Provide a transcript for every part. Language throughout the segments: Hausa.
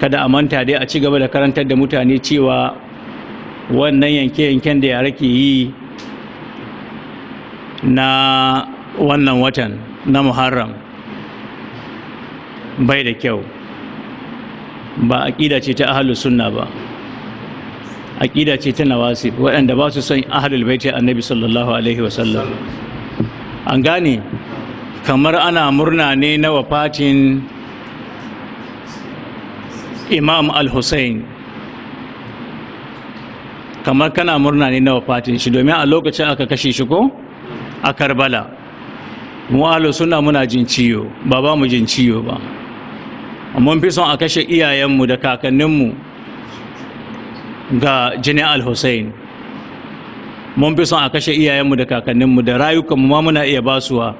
kada a manta dai a ci gaba da karantar da mutane cewa wannan yanke-yanken da yare ke yi na wannan watan na muharram bai da kyau ba aƙida ce ta ahalus sunna ba aƙida ce ta nawasi waɗanda ba su son ahalul baiti annabi sallallahu alaihi wasallam an gane kamar ana murna ne na wafatin imam al-hussein kamar kana murna ne na wafatin shi domin a lokacin aka kashe shi ko a karbala mu ahlu sunna muna jin ciyo ba ba mu jin ciyo ba mun fi son a kashe iyayenmu da kakanninmu ga jini al-hussein mun fi son a kashe iyayenmu da kakanninmu da rayukanmu ma muna iya basuwa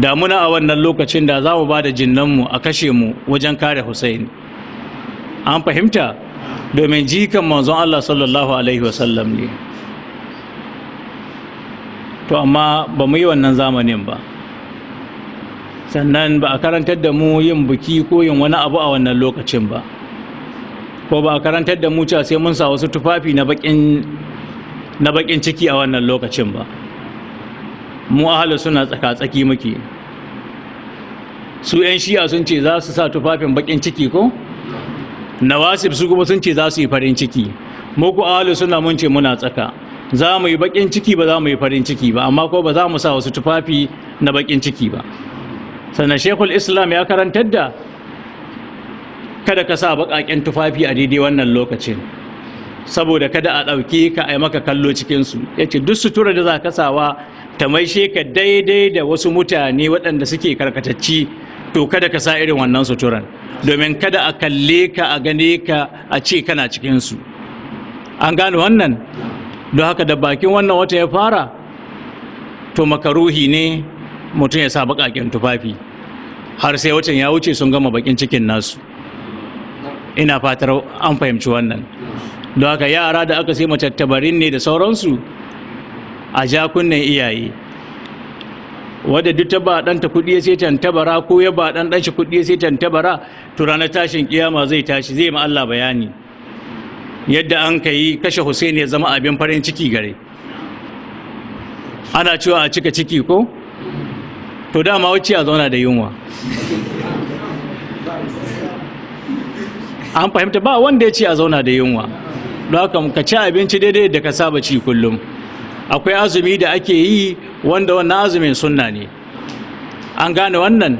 da muna a wannan lokacin da za mu ba da jinnanmu a kashe mu wajen kare hussein an fahimta domin jikan manzon Allah sallallahu alaihi wasallam ne to amma ba mu yi wannan zamanin ba sannan ba a karantar da mu yin buki ko yin wani abu a wannan lokacin ba ko ba a karantar da mu cewa sai mun sa wasu tufafi na bakin na bakin ciki a wannan lokacin ba mu ahalu suna tsaka-tsaki muke su 'yan shiya sun ce za su sa tufafin bakin ciki ko? nawasib su kuma sun ce za su yi farin ciki muku suna mun ce muna tsaka za mu yi bakin ciki ba za mu yi farin ciki ba amma ko ba za mu sa wasu tufafi na bakin ciki ba sannan shekul islam ya karantar da kada ka sa baƙaƙen tufafi a daidai wannan lokacin saboda kada a ɗauke ka a maka kallo cikinsu ya ce duk sutura da za ka sawa ta maishe ka daidai da wasu mutane waɗanda suke karkatacci to kada ka sa irin wannan suturan domin kada a kalle ka a gane ka a ce kana cikinsu an gane wannan don haka da bakin wannan wata ya fara to makaruhi ne mutum ya sa bakakin tufafi har sai watan ya wuce sun gama bakin cikin nasu ina fatar an fahimci wannan don haka yara da aka sai matattabarin ne da sauransu a jakunan iyaye wadda duk ta ba dan kuɗi ya sai tabara ko ya ba dan dan kuɗi ya sai tabara, to ranar tashin kiyama zai tashi zai ma Allah bayani yadda an ka yi kashe Hussein ya zama abin farin ciki gare ana cewa a cika ciki ko to dama wuce a zauna da yunwa an fahimta ba wanda ya ce a zauna da yunwa don haka ka ci abinci daidai da ka saba ci kullum akwai azumi da ake yi wanda wannan azumin sunna ne an gane wannan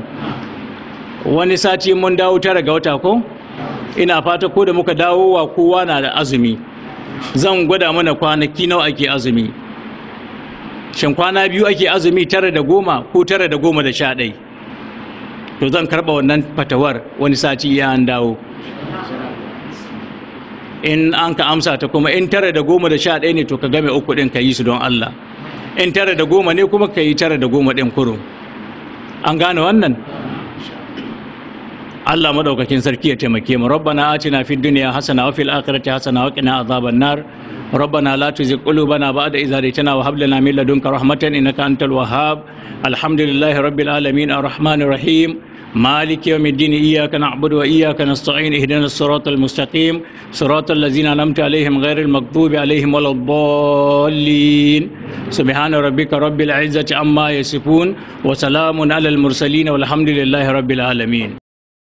wani sati mun dawo tara ga wata ko ina fata ko da muka dawo wa kowa na da azumi zan gwada mana kwanaki nawa ake azumi shin kwana biyu ake azumi tara da goma ko tara da goma da sha ɗai to zan karɓa wannan fatawar wani sati ya an dawo in an ka amsa ta kuma in tara da goma da sha ɗaya ne to ka game uku ɗin ka yi su don Allah in tare da goma ne kuma kai tare da goma din kurum an gane wannan Allah madaukakin sarki ya taimake mu rabbana atina fid dunya hasana wa fil akhirati hasana wa qina azaban nar ربنا لا تزغ قلوبنا بعد إذ هديتنا وهب لنا من لدنك رحمة إنك أنت الوهاب الحمد لله رب العالمين الرحمن الرحيم مالك يوم الدين إياك نعبد وإياك نستعين اهدنا الصراط المستقيم صراط الذين أنعمت عليهم غير المغضوب عليهم ولا الضالين subhana rabbika rabbil izzati amma yasifun wa salamun alal mursalin walhamdulillahi rabbil alamin